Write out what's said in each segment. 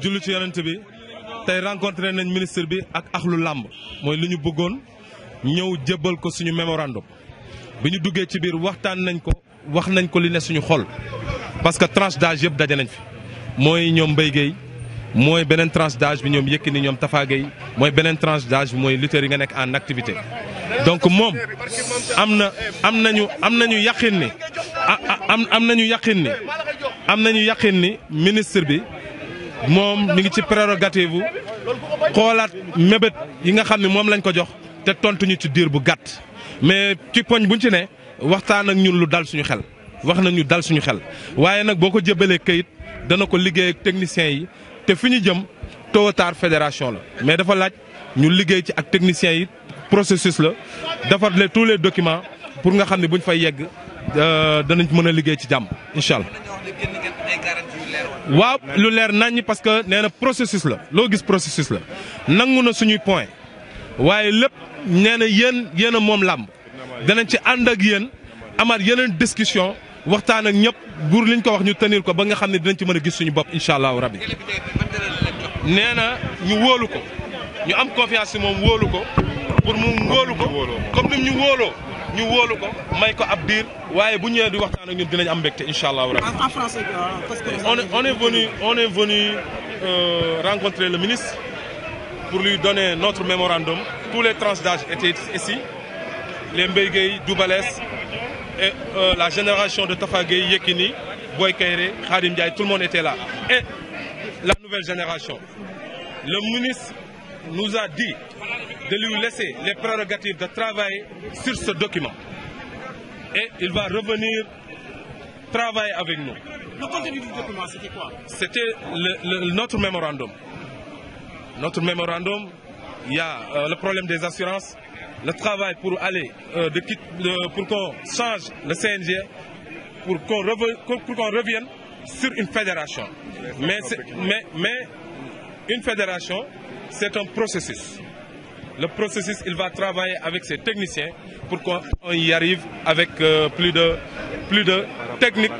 julli ci yonent bi tay rencontrer nañ ministre bi ak akhlu lamb moy li bëggone ñew jëbël ko suñu mémorandum biñu duggé ci bir waxtaan nañ ko wax nañ ko li ne suñu xol parce que tranche d'âge yëpp daje nañ fi moy ñom Mbaye moy benen beneen tranche d'âge bi ñom Yékini ñom tafagay moy benen beneen tranche d'âge bi mooy yi nga nek en activité donc mom amna amnañu amnañu nañu am nañu yaqin ni am am ni am nañu ni ministre bi moom mi ngi ci prérogative bu xoolaat mébét yi nga xam ne moom lañ ko jox te tontuñu ci diir bu gàtt mais ci poñ buñ ci ne waxtaan ak ñun lu dal suñu xel wax nañu dal suñu xel waaye nag boo ko jëbalee kayit dana ko liggéey ak techniciens yi te fi ñu jëm tôt ou fédération la mais dafa laaj ñu liggéey ci ak techniciens yi processus la defar les tous les documents pour nga xam ne buñ fay yegg euh, danañ mën a liggéey ci jàmm incha allah waaw lu leer naññ parce que nee na processus la loo gis processus la nangu na suñuy point waaye lépp nee na yéen yéen moom làmb danañ ci ànd ak yéen amaat yeneen discussion waxtaan ak ñëpp buur liñ ko wax ñu tenir ko ba nga xam ne dinañ ci mën a gis suñu bopp incha allahu rabbi nee na ñu wóolu ko ñu am confiance moom wóolu ko pour mu wóolu ko comme ni ñu wóoloo en on est venu on est venu euh, rencontrer le ministre pour lui donner notre mémorandum. Tous les tranches d'âge étaient ici les Mbegei, doubales euh, la génération de tafagay Yekini Boy kayré Khadim tout le monde était là et la nouvelle génération. Le ministre nous a dit de lui laisser les prérogatives de travailler sur ce document. Et il va revenir travailler avec nous. Le contenu du document, c'était quoi C'était notre mémorandum. Notre mémorandum, il y a euh, le problème des assurances, le travail pour aller, euh, pour qu'on change le CNG, pour qu'on revienne sur une fédération. mais une fédération, c'est un processus. Le processus, il va travailler avec ses techniciens pour qu'on y arrive avec euh, plus de, plus de techniques.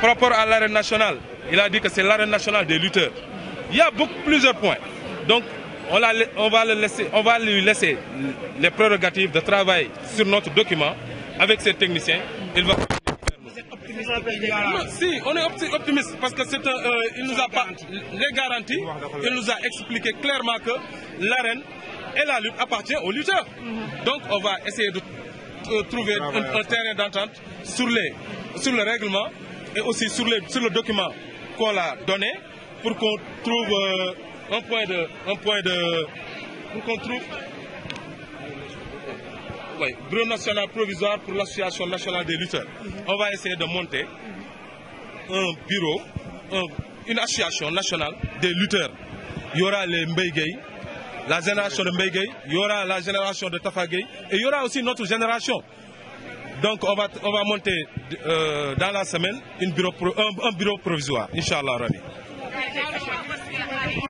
Par rapport à l'arène nationale, il a dit que c'est l'arène nationale des lutteurs. Il y a beaucoup, plusieurs points. Donc, on, va le laisser, on va lui laisser les prérogatives de travail sur notre document avec ses techniciens. Il va... Non, si, on est optimiste parce que c'est euh, il nous a pas les garanties, il nous a expliqué clairement que l'arène et la lutte appartient aux lutteurs. Donc on va essayer de euh, trouver ah un, terrain d'entente sur, sur le règlement et aussi sur, les, sur le document qu'on a donné pour qu'on trouve euh, un point de... Un point de pour qu'on trouve... Oui, bureau national provisoire pour l'association nationale des lutteurs. Mhm. On va essayer de monter mhm. un bureau, une association nationale des lutteurs. Il y aura les Mbeigei, la génération de Mbege, il y aura la génération de Tafagei, et il y aura aussi notre génération. Donc on va, on va monter euh, dans la semaine bureau, un, bureau provisoire, Inch'Allah Rabbi.